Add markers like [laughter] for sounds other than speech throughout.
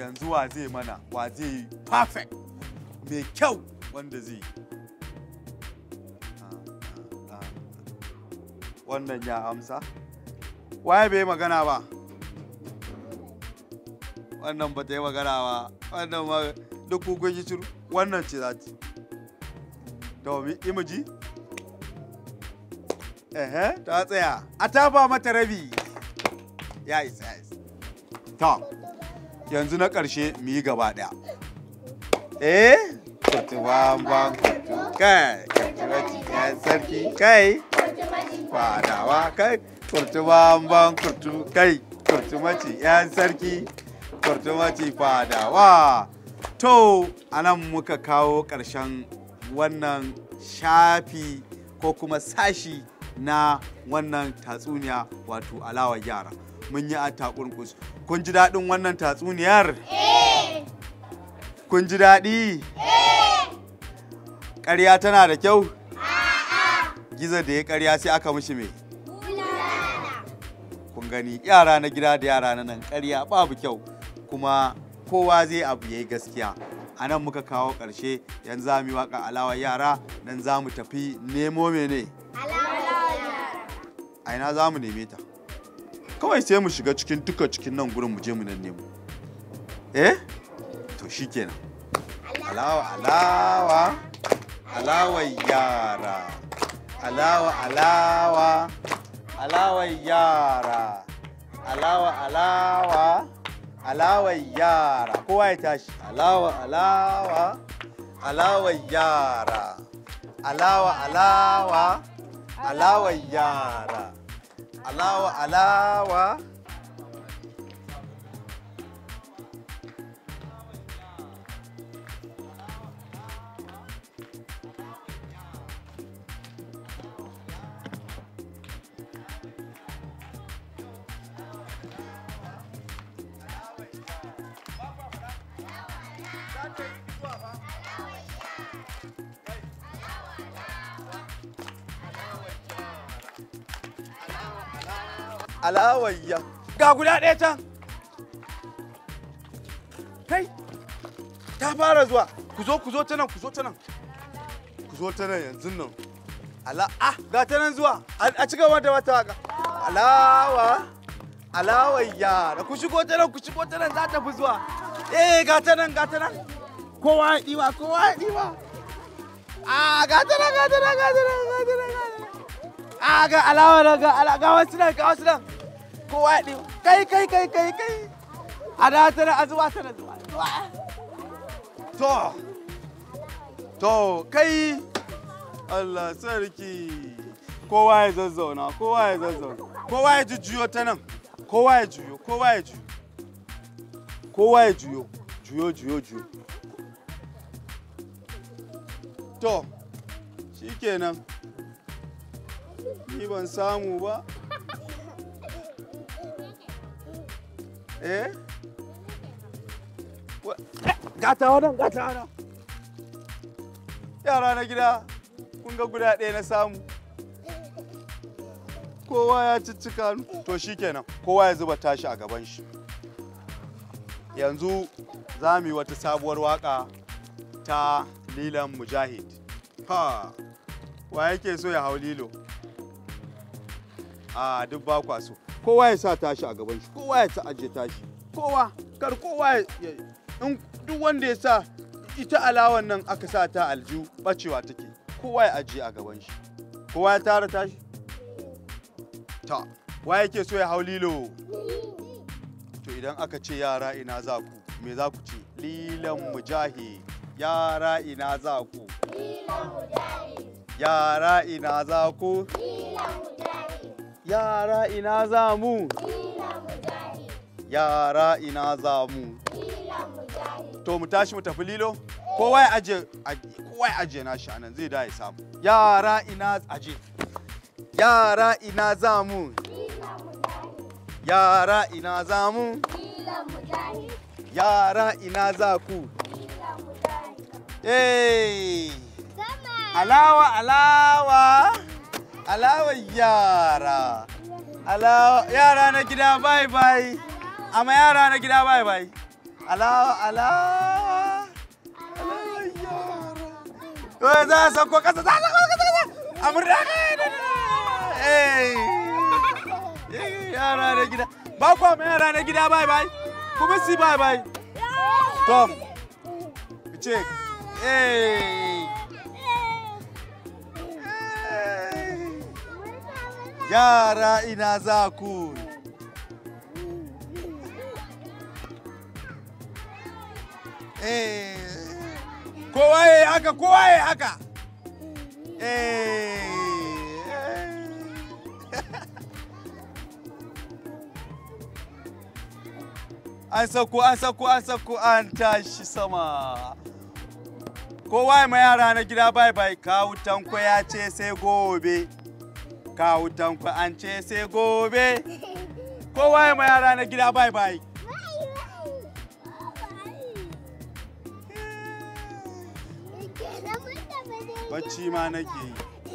yanzu wa zai mana wa zai perfect mai kyau wanda zai wannan ya amsa waye bai magana ba wannan ba ta yi magana ba wannan ma duk kun yi shiru wannan ce za ta domin imaji ehe ta tsaya a tafa mata rabi ya isa ya isa yanzu na ƙarshe mu yi gaba ɗaya eh kutubanban kutu kai kutubaci ya sarki kai fadawa kai ban kurtu kai kurtumaci 'yan sarki kurtumaci fadawa to anan muka kawo ƙarshen wannan shafi ko kuma sashi na wannan tatsuniya wato alawar yara mun yi a takurkus kun ji daɗin wannan tatsuniyar kun ji daɗi ƙarya tana da kyau gizo da ya ƙarya sai aka mishi me kun gani yara na gida da yara na nan ƙarya babu kyau kuma kowa zai abu yayi gaskiya anan muka kawo ƙarshe yanzu za mu yi waƙa alawar yara nan za mu tafi nemo mene a ina za mu neme ta kawai sai mu shiga cikin duka cikin nan gurin mu je mu nan nemo eh to shikenan alawa alawa alawa yara alawa alawa alawa yara alawa alawa alawa yara kowa ya tashi alawa alawa alawa yara alawa alawa alawa yara Alawa, Alawa. alawayya ga guda ɗaya can kai ta fara zuwa ku zo ku zo ta nan ku zo ta nan ku zo ta nan yanzu nan ala ah ga ta nan zuwa a ci gaba da wata waka alawa alawayya da ku shigo ta nan ku shigo ta nan za ta fi zuwa eh ga ta nan ga ta nan kowa ya ɗiba kowa ya ɗiba ah ga ta nan ga ta nan ga ta nan ga ta nan a ah, ga alawa nan, ga ga wasu nan ga wasu nan kowa ya kai kai kai kai kai a da ta na azuwa ta na zuwa to to kai Allah sarki kowa ya zazzauna kowa ya zazzauna kowa ya jujjuyo ta nan kowa ya juyo kowa ya juyo kowa ya juyo juyo juyo juyo to shi kenan. ni ban samu ba eh gata wadan gata wadan yara na gida kun ga guda ɗaya na samu kowa ya ciccika to shikenan kowa ya zuba tashi a gaban shi yanzu za mu yi wata sabuwar waka ta lilan mujahid ha wa yake so ya hau lilo a duk ba kwa so kowa ya sa tashi a gaban shi kowa ya ta aje tashi kowa kar kowa ya in duk wanda ya sa ita alawan nan aka sa ta alju bacewa take kowa ya aje a gaban shi kowa ya tara tashi ta wa yake so ya hau lilo to idan aka ce yara ina za ku me za ku ce lilan mujahi yara ina za ku lilan mujahi yara ina za ku lilan Yara ina za mu? Yara ina za mu? To mu tashi mu tafi lilo? Eh. Kowa ya aje kowa ya aje nashi anan zai da ya samu. Yara ina aje. Yara ina za mu? Yara ina za mu? Yara ina za ku? Hey! Alawa alawa! Alawa yara Alawa yara na gida bye bye Ama yara na gida bye bye alawa alawa Alawa yara Ko za a sauko kasa za a sauko kasa kasa. a murna yara na gida ba ku amma yara na gida bye bye kuma si bye bye tom ce eh Yara ina za ku? Eh, kowa ya haka, kowa ya haka. Eh. [laughs] An sauko, an sauko, an sauko, an tashi sama. Kowa ya ma yara na gida bye bye, kawo tanko ya ce sai gobe. kawo Tanko an ce sai gobe kowa ya ma yara na gida bye bye bacci ma nake yi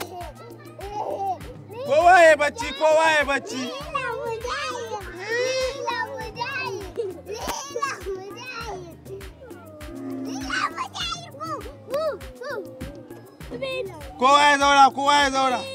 ko waye bacci kowa ya bacci kowa ya zauna kowa ya zauna